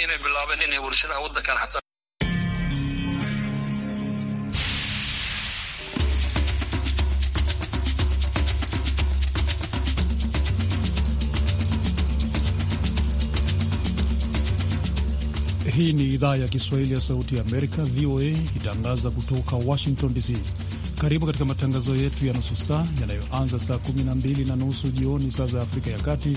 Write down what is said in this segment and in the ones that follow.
inay bilaabeen inay warshadaha wadankan xataa Hii ni idhaa ya Kiswahili ya Sauti ya Amerika, VOA, ikitangaza kutoka Washington DC. Karibu katika matangazo yetu ya nusu saa yanayoanza saa 12 na nusu jioni saa za Afrika ya Kati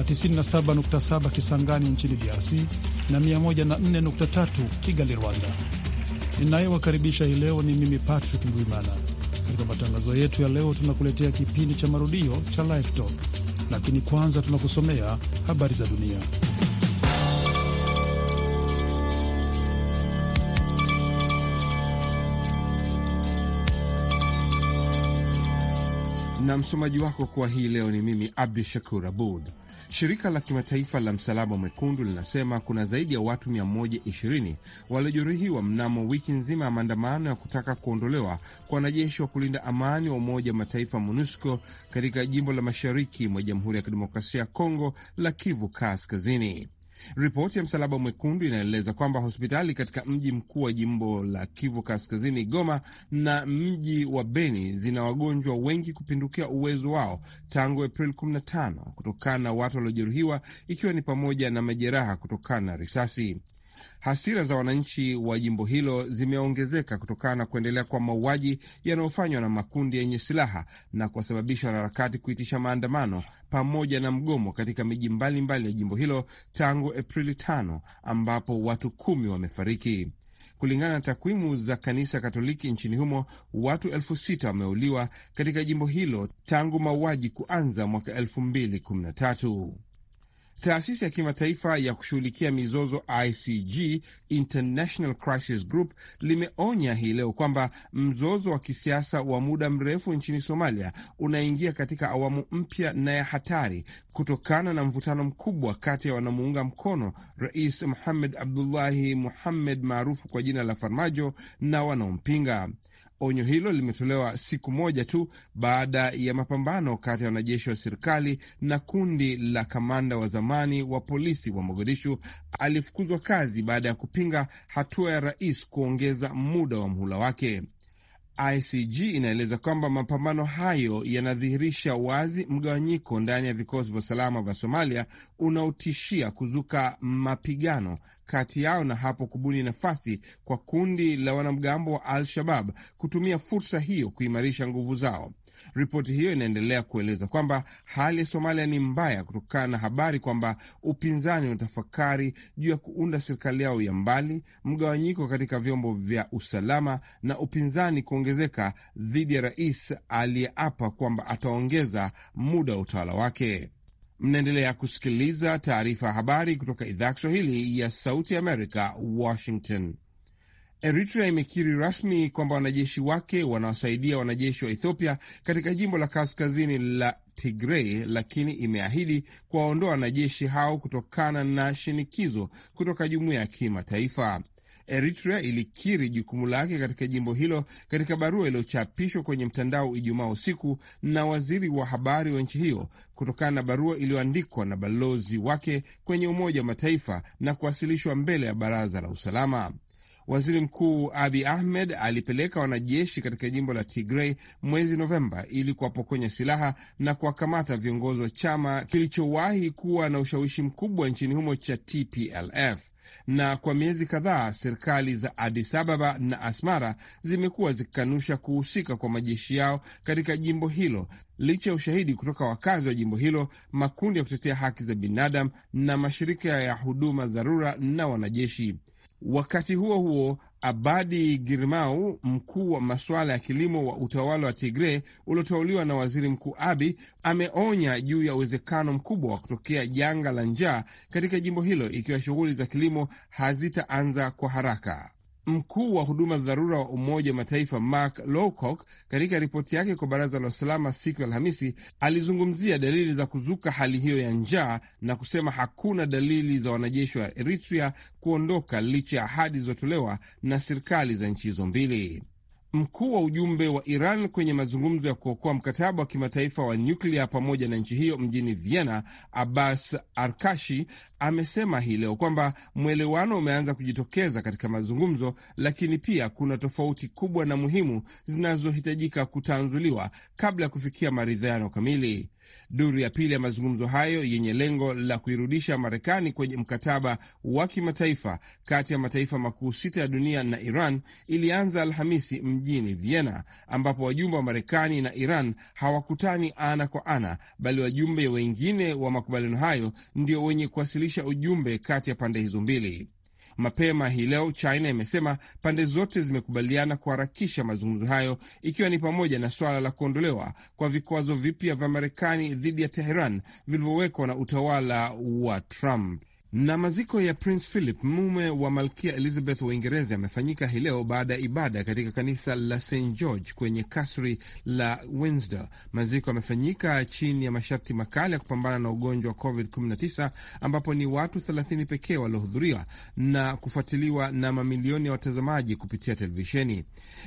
na 97.7 Kisangani nchini DRC na 104.3 Kigali, Rwanda. Ninayewakaribisha hii leo ni mimi Patrick Mbwimana. Katika matangazo yetu ya leo, tunakuletea kipindi cha marudio cha Life Talk, lakini kwanza tunakusomea habari za dunia. na msomaji wako kwa hii leo ni mimi Abdu Shakur Abud. Shirika la kimataifa la Msalaba Mwekundu linasema kuna zaidi ya watu 120 waliojeruhiwa mnamo wiki nzima ya maandamano ya kutaka kuondolewa kwa wanajeshi wa kulinda amani wa Umoja wa Mataifa MONUSCO katika jimbo la mashariki mwa Jamhuri ya Kidemokrasia ya Kongo la Kivu Kaskazini. Ripoti ya Msalaba Mwekundu inaeleza kwamba hospitali katika mji mkuu wa jimbo la Kivu Kaskazini, Goma, na mji wa Beni zina wagonjwa wengi kupindukia uwezo wao tangu Aprili 15 kutokana na watu waliojeruhiwa, ikiwa ni pamoja na majeraha kutokana na risasi. Hasira za wananchi wa jimbo hilo zimeongezeka kutokana na kuendelea kwa mauaji yanayofanywa na makundi yenye silaha na kuwasababisha wanaharakati kuitisha maandamano pamoja na mgomo katika miji mbalimbali ya jimbo hilo tangu Aprili tano ambapo watu kumi wamefariki. Kulingana na takwimu za kanisa Katoliki nchini humo, watu elfu sita wameuliwa katika jimbo hilo tangu mauaji kuanza mwaka elfu mbili kumi na tatu. Taasisi ya kimataifa ya kushughulikia mizozo ICG, International Crisis Group, limeonya hii leo kwamba mzozo wa kisiasa wa muda mrefu nchini Somalia unaingia katika awamu mpya na ya hatari kutokana na mvutano mkubwa kati ya wanamuunga mkono Rais Mohamed Abdullahi Mohamed maarufu kwa jina la Farmajo na wanaompinga. Onyo hilo limetolewa siku moja tu baada ya mapambano kati ya wanajeshi wa serikali na kundi la kamanda wa zamani wa polisi wa Mogadishu alifukuzwa kazi baada ya kupinga hatua ya rais kuongeza muda wa mhula wake. ICG inaeleza kwamba mapambano hayo yanadhihirisha wazi mgawanyiko ndani ya vikosi vya usalama vya Somalia unaotishia kuzuka mapigano kati yao na hapo kubuni nafasi kwa kundi la wanamgambo wa Al-Shabab kutumia fursa hiyo kuimarisha nguvu zao. Ripoti hiyo inaendelea kueleza kwamba hali ya Somalia ni mbaya kutokana na habari kwamba upinzani unatafakari juu ya kuunda serikali yao ya mbali, mgawanyiko katika vyombo vya usalama na upinzani kuongezeka dhidi ya rais aliyeapa kwamba ataongeza muda wa utawala wake. Mnaendelea kusikiliza taarifa ya habari kutoka idhaa ya Kiswahili ya Sauti ya Amerika, Washington. Eritrea imekiri rasmi kwamba wanajeshi wake wanawasaidia wanajeshi wa Ethiopia katika jimbo la kaskazini la tigrei lakini imeahidi kuwaondoa wanajeshi hao kutokana na shinikizo kutoka jumuiya ya kimataifa. Eritrea ilikiri jukumu lake katika jimbo hilo katika barua iliyochapishwa kwenye mtandao Ijumaa usiku na waziri wa habari wa nchi hiyo kutokana na barua iliyoandikwa na balozi wake kwenye Umoja wa Mataifa na kuwasilishwa mbele ya Baraza la Usalama. Waziri Mkuu Abi Ahmed alipeleka wanajeshi katika jimbo la tigrei mwezi Novemba ili kuwapokonya silaha na kuwakamata viongozi wa chama kilichowahi kuwa na ushawishi mkubwa nchini humo cha TPLF na kwa miezi kadhaa serikali za Adis Ababa na Asmara zimekuwa zikikanusha kuhusika kwa majeshi yao katika jimbo hilo licha ya ushahidi kutoka wakazi wa jimbo hilo, makundi ya kutetea haki za binadamu na mashirika ya huduma dharura na wanajeshi. Wakati huo huo, Abadi Girmau, mkuu wa masuala ya kilimo wa utawala wa Tigre ulioteuliwa na waziri mkuu Abi, ameonya juu ya uwezekano mkubwa wa kutokea janga la njaa katika jimbo hilo ikiwa shughuli za kilimo hazitaanza kwa haraka. Mkuu wa huduma za dharura wa Umoja wa Mataifa Mark Lowcock katika ripoti yake kwa Baraza la Usalama siku ya Alhamisi alizungumzia dalili za kuzuka hali hiyo ya njaa na kusema hakuna dalili za wanajeshi wa Eritrea kuondoka licha ya ahadi zilizotolewa na serikali za nchi hizo mbili. Mkuu wa ujumbe wa Iran kwenye mazungumzo ya kuokoa mkataba wa kimataifa wa nyuklia pamoja na nchi hiyo mjini Vienna, Abbas Arkashi, amesema hii leo kwamba mwelewano umeanza kujitokeza katika mazungumzo, lakini pia kuna tofauti kubwa na muhimu zinazohitajika kutanzuliwa kabla ya kufikia maridhiano kamili. Duru ya pili ya mazungumzo hayo yenye lengo la kuirudisha Marekani kwenye mkataba wa kimataifa kati ya mataifa makuu sita ya dunia na Iran ilianza Alhamisi mjini Vienna, ambapo wajumbe wa Marekani na Iran hawakutani ana kwa ana, bali wajumbe wengine wa makubaliano hayo ndio wenye kuwasilisha ujumbe kati ya pande hizo mbili. Mapema hii leo China imesema pande zote zimekubaliana kuharakisha mazungumzo hayo, ikiwa ni pamoja na suala la kuondolewa kwa vikwazo vipya vya Marekani dhidi ya Teheran vilivyowekwa na utawala wa Trump. Na maziko ya Prince Philip mume wa Malkia Elizabeth wa Uingereza yamefanyika hii leo baada ya ibada katika kanisa la St George kwenye kasri la Windsor. Maziko yamefanyika chini ya masharti makali ya kupambana na ugonjwa wa COVID-19 ambapo ni watu 30 pekee waliohudhuriwa na kufuatiliwa na mamilioni ya watazamaji kupitia televisheni.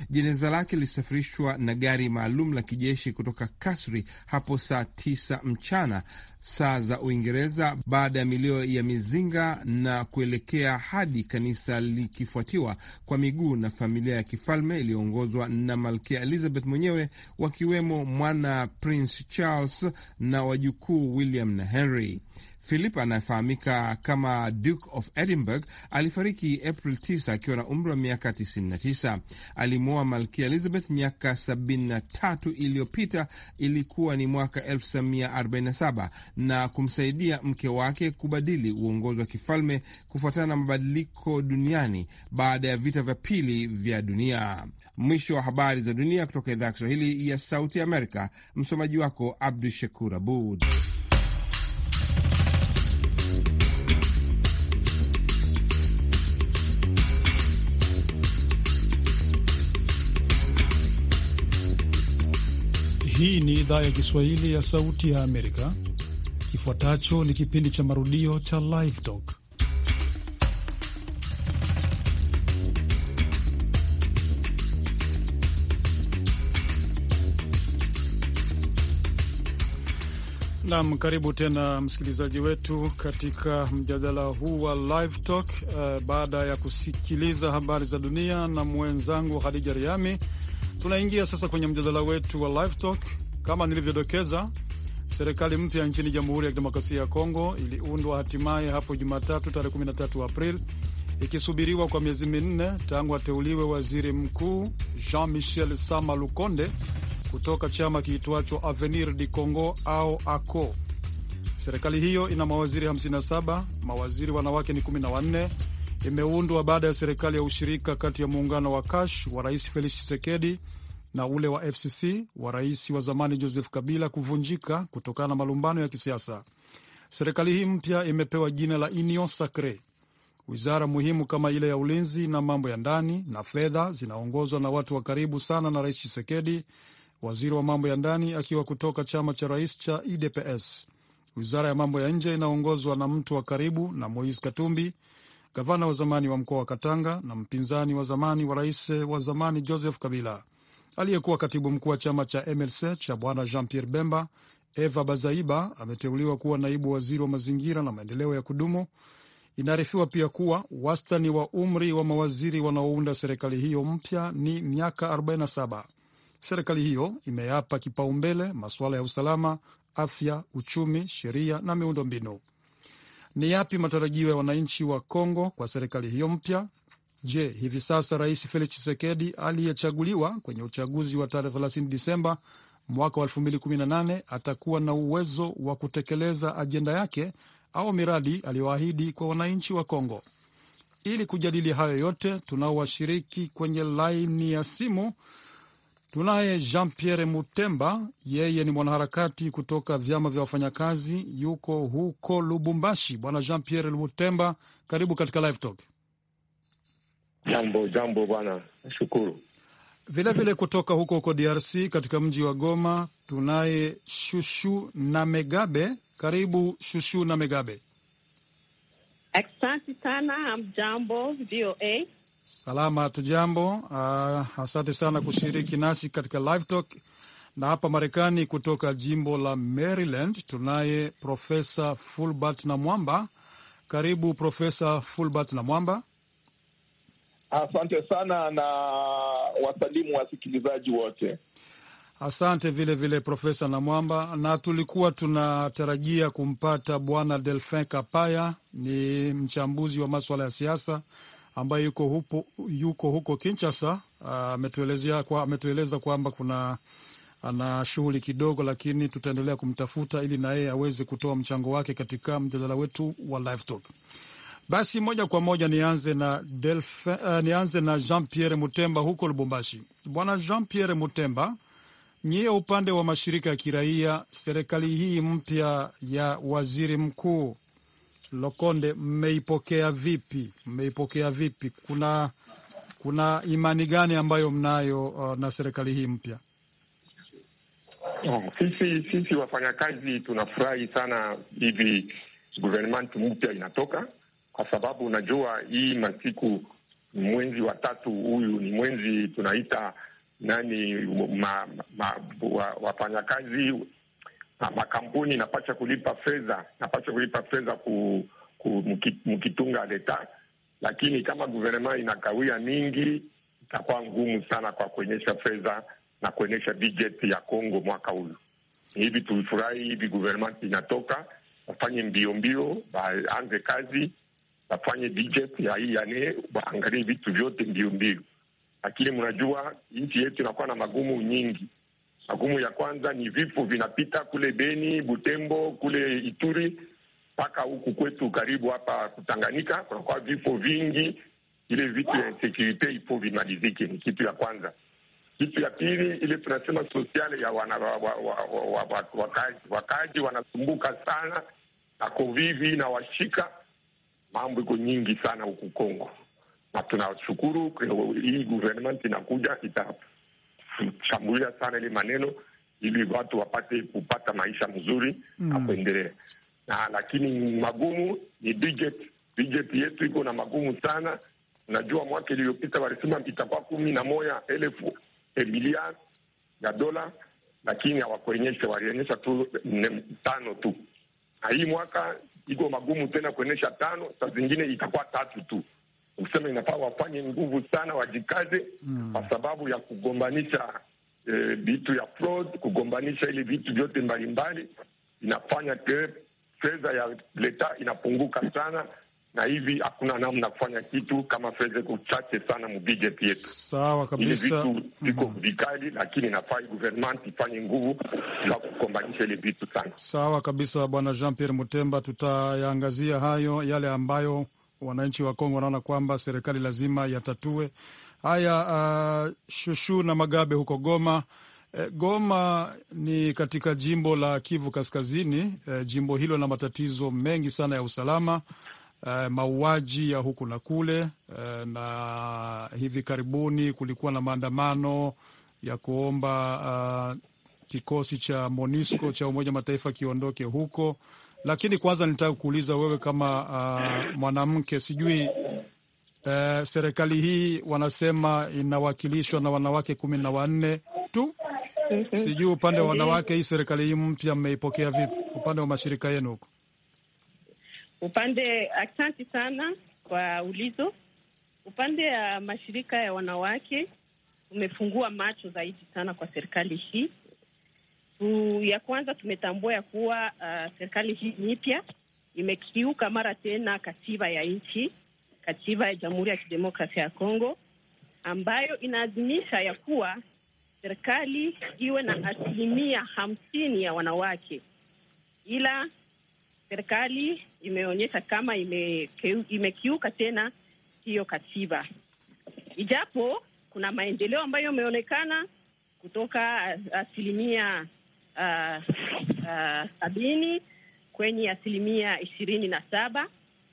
Jeneza lake lilisafirishwa na gari maalum la kijeshi kutoka kasri hapo saa 9 mchana saa za Uingereza baada ya milio ya mizinga na kuelekea hadi kanisa likifuatiwa kwa miguu na familia ya kifalme iliyoongozwa na Malkia Elizabeth mwenyewe wakiwemo mwana Prince Charles na wajukuu William na Henry. Philip anayefahamika kama Duke of Edinburgh alifariki April 9 akiwa na umri wa miaka 99. Alimwoa Malkia Elizabeth miaka 73 iliyopita, ilikuwa ni mwaka 1947, na kumsaidia mke wake kubadili uongozi wa kifalme kufuatana na mabadiliko duniani baada ya vita vya pili vya dunia. Mwisho wa habari za dunia kutoka idhaa ya Kiswahili ya Sauti Amerika. Msomaji wako Abdu Shakur Abud. Hii ni idhaa ya Kiswahili ya Sauti ya Amerika. Kifuatacho ni kipindi cha marudio cha Live Talk. Nam, karibu tena msikilizaji wetu katika mjadala huu wa Live Talk. Uh, baada ya kusikiliza habari za dunia na mwenzangu Hadija Riami Tunaingia sasa kwenye mjadala wetu wa live talk. Kama nilivyodokeza, serikali mpya nchini Jamhuri ya Kidemokrasia ya Kongo iliundwa hatimaye hapo Jumatatu tarehe 13 Aprili, ikisubiriwa kwa miezi minne tangu ateuliwe waziri mkuu Jean Michel Sama Lukonde kutoka chama kiitwacho Avenir du Congo au ACO. Serikali hiyo ina mawaziri 57, mawaziri wanawake ni 14 imeundwa baada ya serikali ya ushirika kati ya muungano wa Kash wa Rais Felix chisekedi na ule wa FCC wa rais wa zamani Joseph Kabila kuvunjika kutokana na malumbano ya kisiasa. Serikali hii mpya imepewa jina la Union Sacre. Wizara muhimu kama ile ya ulinzi na mambo ya ndani na fedha zinaongozwa na watu wa karibu sana na rais Chisekedi, waziri wa mambo ya ndani akiwa kutoka chama cha rais cha IDPS. Wizara ya mambo ya nje inaongozwa na mtu wa karibu na Moise Katumbi, gavana wa zamani wa mkoa wa Katanga na mpinzani wa zamani wa rais wa zamani Joseph Kabila. Aliyekuwa katibu mkuu wa chama cha MLC cha bwana Jean Pierre Bemba, Eva Bazaiba, ameteuliwa kuwa naibu waziri wa mazingira na maendeleo ya kudumu. Inaarifiwa pia kuwa wastani wa umri wa mawaziri wanaounda serikali hiyo mpya ni miaka 47. Serikali hiyo imeyapa kipaumbele masuala ya usalama, afya, uchumi, sheria na miundo mbinu. Ni yapi matarajio ya wananchi wa Kongo kwa serikali hiyo mpya? Je, hivi sasa Rais Felix Tshisekedi aliyechaguliwa kwenye uchaguzi wa tarehe 30 Disemba mwaka wa 2018 atakuwa na uwezo wa kutekeleza ajenda yake au miradi aliyoahidi kwa wananchi wa Kongo? Ili kujadili hayo yote, tunao washiriki kwenye laini ya simu. Tunaye Jean Pierre Mutemba, yeye ni mwanaharakati kutoka vyama vya wafanyakazi, yuko huko Lubumbashi. Bwana Jean Pierre Mutemba, karibu katika Live Talk. Jambo jambo bwana, shukuru vilevile. Kutoka huko huko DRC katika mji wa Goma tunaye Shushu na Megabe, karibu Shushu na Megabe. Asante sana. Mjambo VOA. Salama, tujambo Uh, asante sana kushiriki nasi katika live talk. Na hapa Marekani, kutoka jimbo la Maryland tunaye Profesa Fulbert na Mwamba. Karibu Profesa Fulbert na Mwamba. Asante sana na wasalimu wasikilizaji wote. Asante vile vile Profesa Namwamba, na tulikuwa tunatarajia kumpata Bwana Delfin Kapaya, ni mchambuzi wa maswala ya siasa ambaye yuko huko, yuko huko Kinshasa ametuelezea kwa, ametueleza kwamba kuna ana shughuli kidogo, lakini tutaendelea kumtafuta ili na yeye aweze kutoa mchango wake katika mjadala wetu wa Live Talk. Basi moja kwa moja nianze na uh, nianze na Jean Pierre Mutemba huko Lubumbashi. Bwana Jean Pierre Mutemba, nyiye upande wa mashirika ya kiraia, serikali hii mpya ya waziri mkuu Lokonde, mmeipokea vipi? Mmeipokea vipi? Kuna kuna imani gani ambayo mnayo uh, na serikali hii mpya? Oh, sisi sisi wafanyakazi tunafurahi sana hivi guvernment mpya inatoka, kwa sababu unajua hii masiku mwenzi wa tatu huyu ni mwenzi tunaita nani ma, ma, wafanyakazi makampuni inapasha kulipa fedha, napasha kulipa fedha ku, ku mkitunga leta, lakini kama guvernema inakawia mingi, itakuwa ngumu sana kwa kuonyesha fedha na kuonyesha bajeti ya congo mwaka huyu. Hivi tulifurahi hivi guvernema inatoka wafanye mbio mbio, baanze kazi, wafanye bajeti ya hii yane, waangalie vitu vyote mbio mbio, lakini mnajua nchi yetu inakuwa na magumu nyingi Magumu ya kwanza ni vifo vinapita kule Beni, Butembo, kule Ituri mpaka huku kwetu karibu hapa Kutanganyika, kunakuwa vifo vingi. Ile vitu ya insecurity ipo vimalizike, ni kitu ya kwanza. Kitu ya pili, ile tunasema sosiale ya wana, wa, wa, wa, wa, wa, wakaji, wakaji wanasumbuka sana na kovivi na washika mambo iko nyingi sana huku Kongo, na tunashukuru hii government inakuja itapu kushambulia sana ile maneno ili watu wapate kupata maisha mzuri mm. na kuendelea na, lakini magumu ni budget. Budget yetu iko na magumu sana. Unajua, mwaka iliyopita walisema itakuwa kumi na moja elfu miliari ya dola, lakini hawakuonyesha, walionyesha tu tano tu, na hii mwaka iko magumu tena kuonyesha tano, saa zingine itakuwa tatu tu useme inafaa wafanye nguvu sana, wajikaze mm. kwa mm. sababu ya kugombanisha eh, vitu eh, ya fraud, kugombanisha ili vitu vyote mbalimbali inafanya ke fedha ya leta inapunguka sana na hivi hakuna namna kufanya kitu kama fedha iko chache sana mu yetu. Sawa kabisa, hivi vitu mm -hmm. vikali, lakini nafaa government ifanye nguvu za kukombanisha ile vitu sana. Sawa kabisa, bwana Jean Pierre Mutemba, tutayaangazia hayo yale ambayo wananchi wa Kongo wanaona kwamba serikali lazima yatatue haya. Uh, shushu na Magabe huko Goma. E, Goma ni katika jimbo la Kivu Kaskazini. E, jimbo hilo lina matatizo mengi sana ya usalama e, mauaji ya huku na kule e, na hivi karibuni kulikuwa na maandamano ya kuomba uh, kikosi cha MONUSCO cha Umoja Mataifa kiondoke huko. Lakini kwanza nitaka kuuliza wewe kama uh, mwanamke, sijui uh, serikali hii wanasema inawakilishwa na wanawake kumi na wanne tu. Mm-hmm. Sijui upande wa mm-hmm. wanawake hii serikali hii mpya mmeipokea vipi, upande wa mashirika yenu huko upande? asanti sana kwa ulizo. Upande ya mashirika ya wanawake umefungua macho zaidi sana kwa serikali hii ya kwanza tumetambua ya kuwa uh, serikali hii mpya imekiuka mara tena katiba ya nchi, katiba ya Jamhuri ya Kidemokrasia ya Kongo ambayo inaadhimisha ya kuwa serikali iwe na asilimia hamsini ya wanawake, ila serikali imeonyesha kama imekiuka tena hiyo katiba, ijapo kuna maendeleo ambayo imeonekana kutoka asilimia Uh, uh, sabini kwenye asilimia ishirini na saba.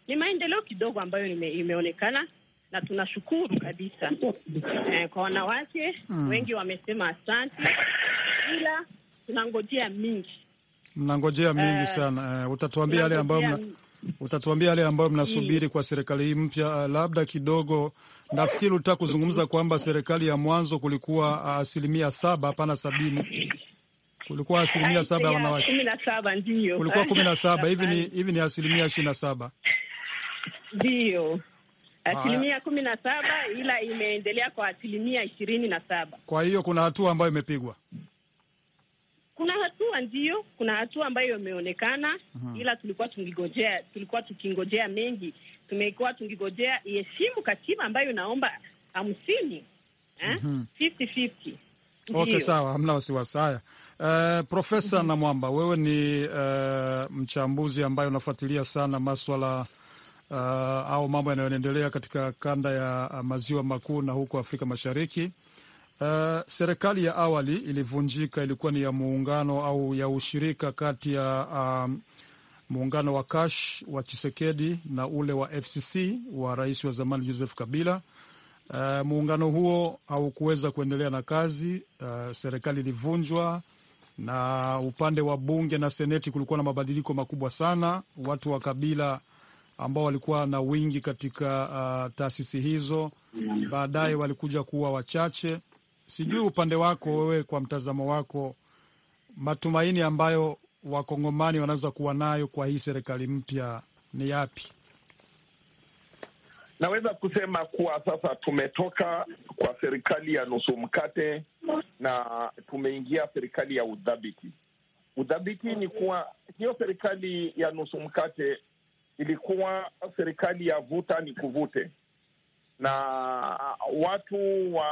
Ni maendeleo kidogo ambayo ime, imeonekana na tunashukuru kabisa eh, kwa wanawake mm. Wengi wamesema asante, ila tunangojea mingi, mnangojea mingi uh, sana. Uh, utatuambia yale ambayo mna utatuambia yale ambayo mnasubiri kwa serikali hii mpya. Eh, labda kidogo, nafikiri utaka kuzungumza kwamba serikali ya mwanzo kulikuwa asilimia saba, hapana sabini kulikuwa asilimia saba ya wanawake, kumi na saba ndio kulikuwa kumi na saba hivi ni hivi ni asilimia ishirini na saba ndio asilimia kumi na saba ila imeendelea kwa asilimia ishirini na saba. Kwa hiyo kuna hatua ambayo imepigwa, kuna hatua ndiyo, kuna hatua ambayo imeonekana mhm. Ila tulikuwa tungigojea, tulikuwa tukingojea mengi, tumekuwa tungigojea iheshimu katiba ambayo inaomba hamsini eh? mhm. fifty fifty. Okay, sawa, hamna wasiwasi. Haya. Uh, Profesa mm -hmm. Namwamba, wewe ni uh, mchambuzi ambaye unafuatilia sana maswala uh, au mambo yanayoendelea katika kanda ya maziwa makuu na huko Afrika Mashariki. Uh, serikali ya awali ilivunjika, ilikuwa ni ya muungano au ya ushirika kati ya um, muungano wa Kash wa Chisekedi na ule wa FCC wa rais wa zamani Joseph Kabila. Uh, muungano huo haukuweza kuendelea na kazi. Uh, serikali ilivunjwa na upande wa bunge na seneti kulikuwa na mabadiliko makubwa sana. Watu wa kabila ambao walikuwa na wingi katika uh, taasisi hizo baadaye walikuja kuwa wachache. Sijui upande wako wewe, kwa mtazamo wako, matumaini ambayo wakongomani wanaweza kuwa nayo kwa hii serikali mpya ni yapi? Naweza kusema kuwa sasa tumetoka kwa serikali ya nusu mkate na tumeingia serikali ya udhabiti. Udhabiti ni kuwa hiyo serikali ya nusu mkate ilikuwa serikali ya vuta ni kuvute, na watu wa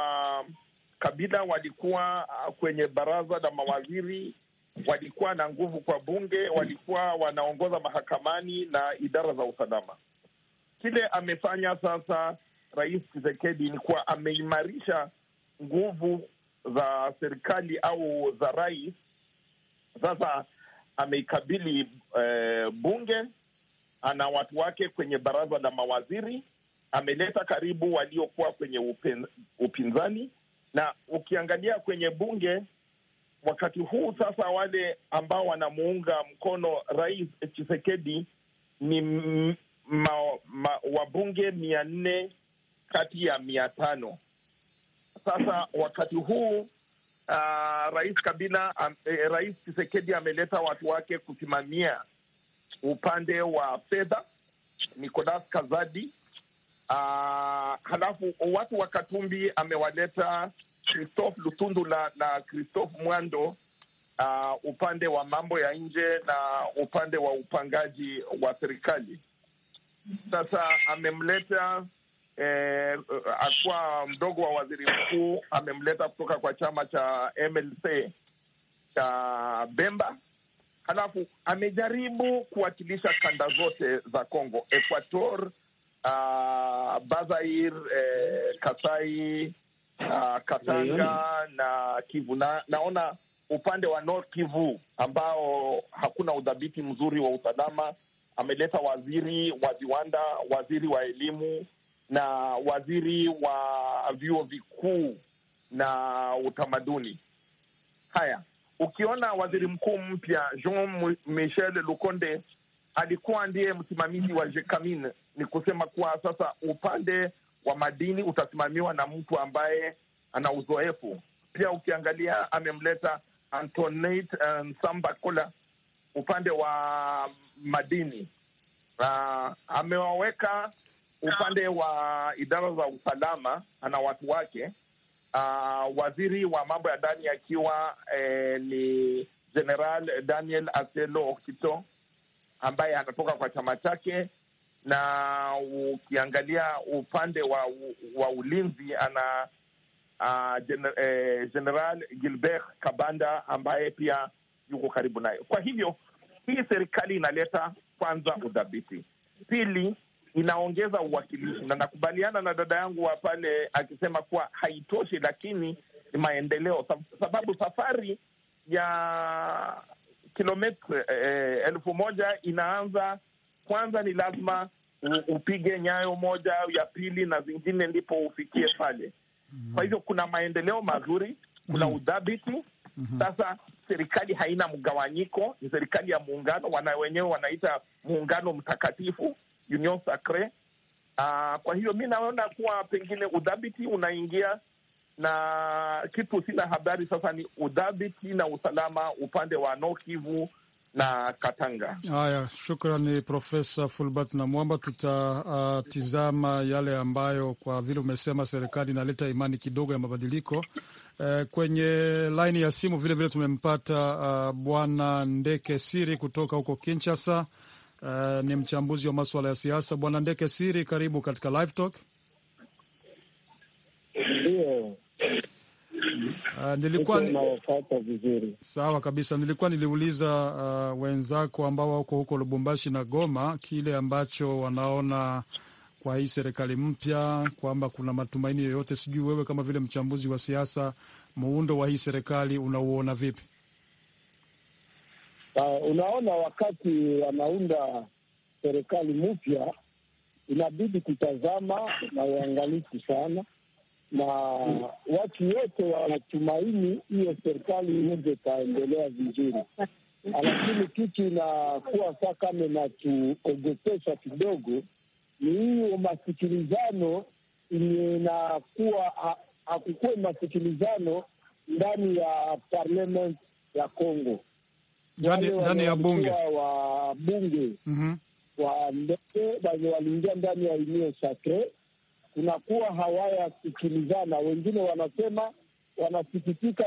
kabila walikuwa kwenye baraza la mawaziri, walikuwa na nguvu kwa bunge, walikuwa wanaongoza mahakamani na idara za usalama. Kile amefanya sasa Rais chisekedi ni kuwa ameimarisha nguvu za serikali au za rais. Sasa ameikabili eh, bunge, ana watu wake kwenye baraza la mawaziri, ameleta karibu waliokuwa kwenye upen, upinzani. Na ukiangalia kwenye bunge wakati huu sasa, wale ambao wanamuunga mkono Rais chisekedi ni ma, ma, wabunge mia nne kati ya mia tano. Sasa wakati huu uh, rais Kabila um, eh, rais Chisekedi ameleta watu wake kusimamia upande wa fedha, Nicolas Kazadi uh, halafu watu wa Katumbi amewaleta Christophe Lutundula na Christophe Mwando uh, upande wa mambo ya nje na upande wa upangaji wa serikali. Sasa amemleta eh, akuwa mdogo wa waziri mkuu, amemleta kutoka kwa chama cha MLC cha Bemba, halafu amejaribu kuwakilisha kanda zote za Congo, Equator, uh, Bazair, eh, Kasai, uh, Katanga na Kivu na, naona upande wa Nord Kivu ambao hakuna udhabiti mzuri wa usalama ameleta waziri wa viwanda, waziri wa elimu na waziri wa vyuo vikuu na utamaduni. Haya, ukiona waziri mkuu mpya Jean Michel Lukonde alikuwa ndiye msimamizi wa Jekamin, ni kusema kuwa sasa upande wa madini utasimamiwa na mtu ambaye ana uzoefu pia. Ukiangalia amemleta Antoinette eh, Nsamba upande wa madini na amewaweka upande wa idara za usalama ana watu wake. Uh, waziri wa mambo ya ndani akiwa eh, ni General Daniel Aselo Okito ambaye anatoka kwa chama chake, na ukiangalia upande wa wa ulinzi ana uh, gen, eh, General Gilbert Kabanda ambaye pia yuko karibu nayo. Kwa hivyo hii serikali inaleta kwanza udhabiti, pili inaongeza uwakilishi, na nakubaliana na dada yangu wa pale akisema kuwa haitoshi, lakini ni maendeleo, sababu safari ya kilometre eh, eh, elfu moja inaanza kwanza, ni lazima upige nyayo moja au ya pili na zingine, ndipo ufikie pale. Kwa hivyo kuna maendeleo mazuri, kuna mm-hmm. udhabiti. Mm-hmm. Sasa serikali haina mgawanyiko, ni serikali ya muungano, wana wenyewe wanaita muungano mtakatifu, union sacre. Ah, kwa hiyo mi naona kuwa pengine udhabiti unaingia na kitu, sina habari sasa ni udhabiti na usalama upande wa Nokivu na Katanga. Haya, shukrani Profesa Fulbert na Mwamba. Tutatizama uh, yale ambayo kwa vile umesema serikali inaleta imani kidogo ya mabadiliko Eh, kwenye laini ya simu vilevile vile tumempata uh, Bwana Ndeke Siri kutoka huko Kinshasa. Uh, ni mchambuzi wa maswala ya siasa. Bwana Ndeke Siri, karibu katika Live Talk. Uh, nilikuwa Sawa kabisa, nilikuwa niliuliza uh, wenzako ambao wako huko Lubumbashi na Goma kile ambacho wanaona kwa hii serikali mpya, kwamba kuna matumaini yoyote? Sijui wewe kama vile mchambuzi wa siasa, muundo wa hii serikali unauona vipi? Uh, unaona, wakati wanaunda serikali mpya inabidi kutazama na uangalifu sana, na watu wote wanatumaini hiyo serikali iweze ikaendelea vizuri, lakini kitu inakuwa saa kama inatuogopesha kidogo ni hiyo masikilizano inakuwa, hakukuwa masikilizano ndani ya parliament ya Congo, ndani ya bunge wa bunge mhm. wa ndege wenye waliingia ndani ya eneo sacre, kunakuwa hawayasikilizana. Wengine wanasema wanasikitika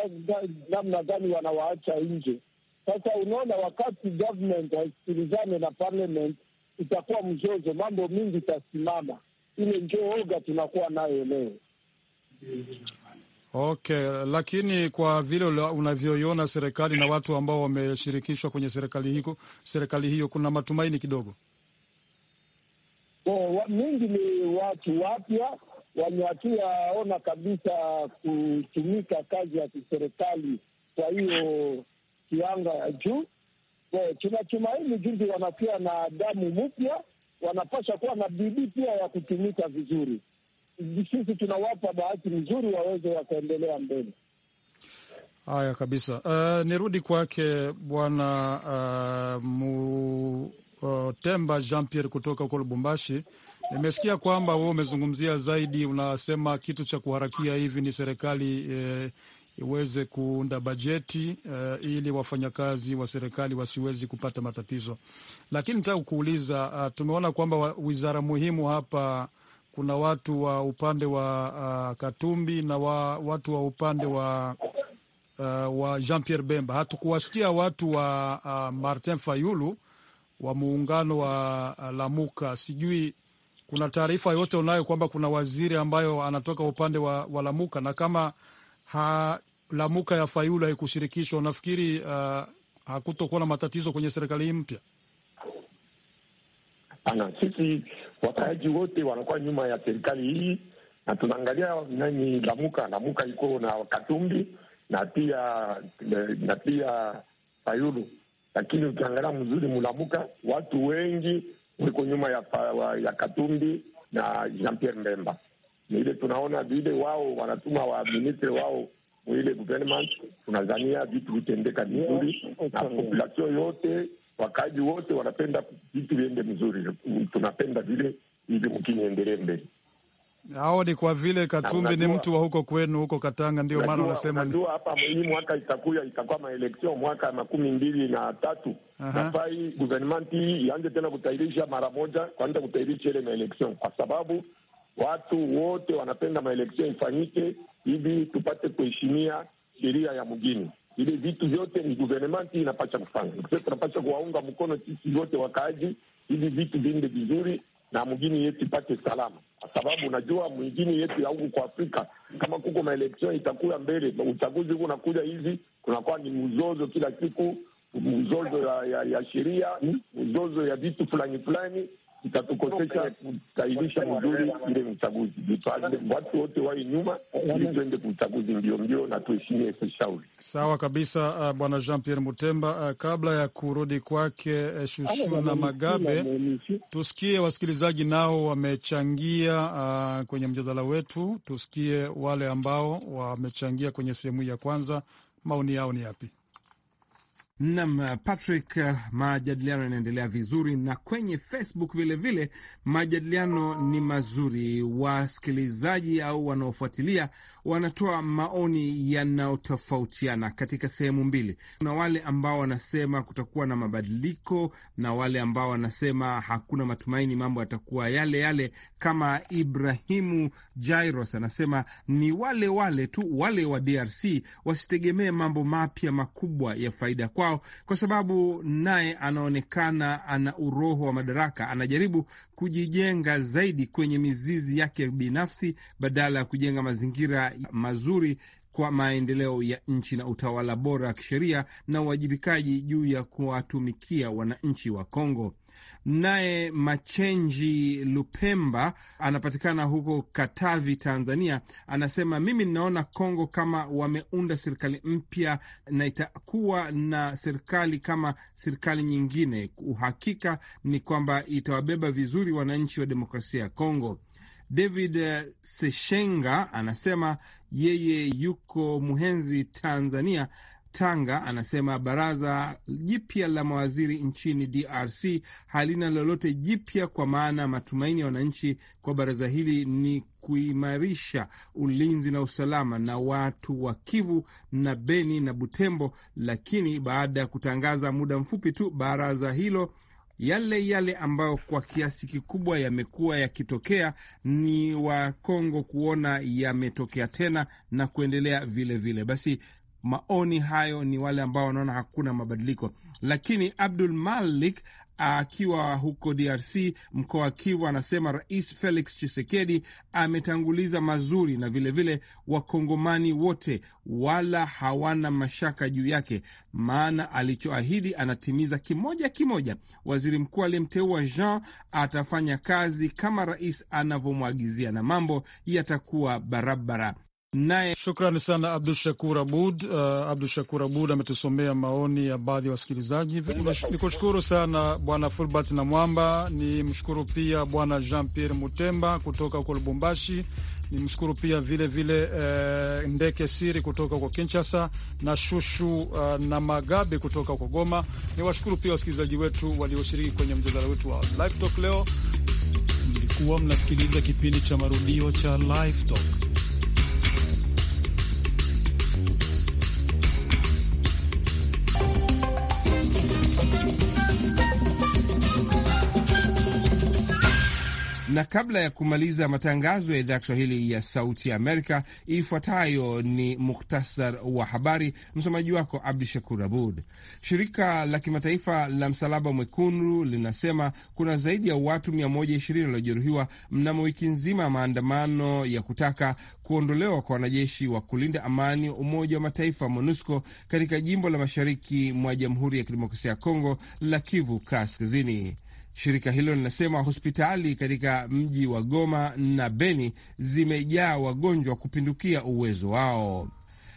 namna gani wanawaacha nje. Sasa unaona, wakati government haisikilizane na parliament itakuwa mzozo, mambo mingi itasimama. Ile ndio oga tunakuwa nayo leo. Okay, lakini kwa vile unavyoiona serikali na watu ambao wameshirikishwa kwenye serikali hiko, serikali hiyo kuna matumaini kidogo. Oh, mingi ni watu wapya wenye hatuyaona kabisa kutumika kazi ya kiserikali, kwa hiyo kianga ya juu Eh, tunatumaini jinsi wanakuwa na damu mpya, wanapasha kuwa na bidii pia ya kutumika vizuri. Sisi tunawapa bahati mzuri waweze wakaendelea mbele. Haya kabisa. Uh, nirudi kwake bwana uh, eh, Mutemba uh, Jean Pierre kutoka huko Lubumbashi. Nimesikia kwamba wewe umezungumzia zaidi, unasema kitu cha kuharakia hivi ni serikali eh, iweze kuunda bajeti uh, ili wafanyakazi wa serikali wasiwezi kupata matatizo. Lakini nitaka kukuuliza uh, tumeona kwamba wizara muhimu hapa kuna watu wa upande wa uh, Katumbi na wa, watu wa upande wa uh, wa Jean Pierre Bemba. Hatukuwasikia watu wa uh, Martin Fayulu wa muungano wa uh, Lamuka. Sijui kuna taarifa yote unayo kwamba kuna waziri ambayo anatoka upande wa, wa Lamuka, na kama ha, Lamuka ya Fayulu haikushirikishwa, nafikiri uh, hakutokuwa na matatizo kwenye serikali mpya. Ana sisi wakaaji wote wanakuwa nyuma ya serikali hii, na tunaangalia nani Lamuka. Lamuka iko na Katumbi na pia na pia Fayulu, lakini ukiangalia mzuri Mlamuka, watu wengi wiko nyuma ya, ya Katumbi na Jean Pierre Mbemba ni ile tunaona vile wao wanatuma waministri wao mwile government, tunazania vitu vitendeka vizuri na population yote, wakaji wote wanapenda vitu viende mzuri, tunapenda vile ili mkini mbele. Hao ni kwa vile Katumbi ni mtu wa huko kwenu huko Katanga, ndio maana unasema ndio hapa hii mwaka itakuya itakuwa maeleksio mwaka ya makumi mbili na tatu. Nafai government hii ianze tena kutairisha mara moja, kwanza kutairisha ile maeleksio, kwa sababu watu wote wanapenda maeleksion ifanyike ili tupate kuheshimia sheria ya mgini. ili vitu vyote ni guvernmenti inapasha kufanya, tunapasha kuwaunga mkono sisi wote wakaaji, hivi vitu viende vizuri na mgini yetu ipate salama, kwa sababu unajua mwingine yetu ya huku kwa Afrika, kama kuko maeleksion itakuya mbele, uchaguzi huu unakuja hivi, kunakuwa ni mzozo kila siku, mzozo ya, ya, ya sheria, mzozo ya vitu fulani fulani itatukosesha kutailisha mzuri ile uchaguzi. Jipange watu wote wai nyuma, ili tuende kuuchaguzi mbio mbio na tuheshimie shauri. Sawa kabisa. Uh, bwana Jean Pierre Mutemba, uh, kabla ya kurudi kwake uh, Shushu na Magabe, tusikie wasikilizaji nao wamechangia uh, kwenye mjadala wetu. Tusikie wale ambao wamechangia kwenye sehemu hii ya kwanza, maoni yao ni yapi? Nam uh, Patrick, uh, majadiliano yanaendelea vizuri na kwenye Facebook vilevile vile, majadiliano ni mazuri. Wasikilizaji au wanaofuatilia wanatoa maoni yanayotofautiana katika sehemu mbili. Kuna wale ambao wanasema kutakuwa na mabadiliko na wale ambao wanasema hakuna matumaini, mambo yatakuwa yale yale. Kama Ibrahimu Jairos anasema ni wale wale tu, wale wa DRC wasitegemee mambo mapya makubwa ya faida kwao kwao, kwa sababu naye anaonekana ana uroho wa madaraka, anajaribu kujijenga zaidi kwenye mizizi yake binafsi badala ya kujenga mazingira mazuri kwa maendeleo ya nchi na utawala bora wa kisheria na uwajibikaji juu ya kuwatumikia wananchi wa Kongo. Naye Machenji Lupemba anapatikana huko Katavi, Tanzania, anasema mimi ninaona Kongo kama wameunda serikali mpya na itakuwa na serikali kama serikali nyingine. Uhakika ni kwamba itawabeba vizuri wananchi wa demokrasia ya Kongo. David Seshenga anasema yeye yuko Muhenzi, Tanzania Tanga anasema baraza jipya la mawaziri nchini DRC halina lolote jipya, kwa maana matumaini ya wananchi kwa baraza hili ni kuimarisha ulinzi na usalama na watu wa Kivu na Beni na Butembo. Lakini baada ya kutangaza muda mfupi tu baraza hilo yale yale ambayo kwa kiasi kikubwa yamekuwa yakitokea ni Wakongo kuona yametokea tena na kuendelea vilevile vile. Basi maoni hayo ni wale ambao wanaona hakuna mabadiliko, lakini Abdul Malik akiwa huko DRC mkoa Kivu anasema Rais Felix Tshisekedi ametanguliza mazuri, na vilevile Wakongomani wote wala hawana mashaka juu yake, maana alichoahidi anatimiza kimoja kimoja. Waziri mkuu aliyemteua Jean atafanya kazi kama rais anavyomwagizia na mambo yatakuwa barabara naye. Shukran sana Abdu Shakur Abud. Uh, Abdu Shakur Abud ametusomea maoni ya baadhi ya wasikilizaji. Ni kushukuru sana Bwana Fulbert na Mwamba, ni mshukuru pia Bwana Jean Pierre Mutemba kutoka huko Lubumbashi, ni mshukuru pia vilevile vile, uh, Ndeke Siri kutoka huko Kinshasa na Shushu uh, na Magabe kutoka huko Goma. Ni washukuru pia wasikilizaji wetu walioshiriki kwenye mjadala wetu wa Live Talk leo. Mlikuwa mnasikiliza kipindi cha marudio cha Live Talk Na kabla ya kumaliza matangazo ya idhaa ya Kiswahili ya Sauti ya Amerika, ifuatayo ni muktasar wa habari. Msomaji wako Abdu Shakur Abud. Shirika la kimataifa la Msalaba Mwekundu linasema kuna zaidi ya watu 120 waliojeruhiwa mnamo wiki nzima ya maandamano ya kutaka kuondolewa kwa wanajeshi wa kulinda amani wa Umoja wa Mataifa MONUSCO katika jimbo la mashariki mwa Jamhuri ya Kidemokrasia ya Kongo la Kivu Kaskazini. Shirika hilo linasema hospitali katika mji wa Goma na Beni zimejaa wagonjwa kupindukia uwezo wao.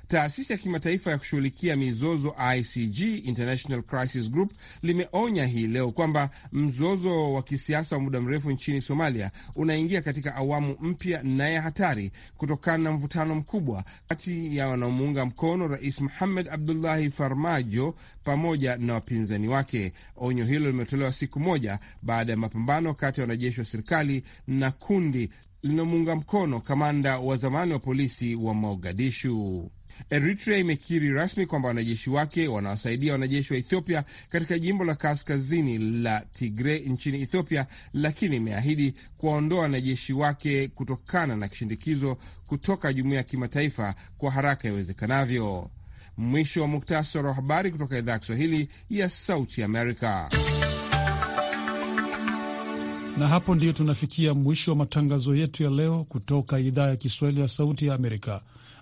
Taasisi ya kimataifa ya kushughulikia mizozo ICG, International Crisis Group, limeonya hii leo kwamba mzozo wa kisiasa wa muda mrefu nchini Somalia unaingia katika awamu mpya na ya hatari kutokana na mvutano mkubwa kati ya wanaomuunga mkono Rais Mohamed Abdullahi Farmajo pamoja na wapinzani wake. Onyo hilo limetolewa siku moja baada ya mapambano kati ya wanajeshi wa serikali na kundi linamuunga mkono kamanda wa zamani wa polisi wa Mogadishu. Eritrea imekiri rasmi kwamba wanajeshi wake wanawasaidia wanajeshi wa Ethiopia katika jimbo la kaskazini la Tigre nchini Ethiopia, lakini imeahidi kuwaondoa wanajeshi wake kutokana na kishindikizo kutoka jumuiya ya kimataifa kwa haraka iwezekanavyo. Mwisho wa muktasari wa habari kutoka idhaa ya Kiswahili ya Sauti Amerika. Na hapo ndiyo tunafikia mwisho wa matangazo yetu ya leo kutoka idhaa ya Kiswahili ya Sauti ya Amerika.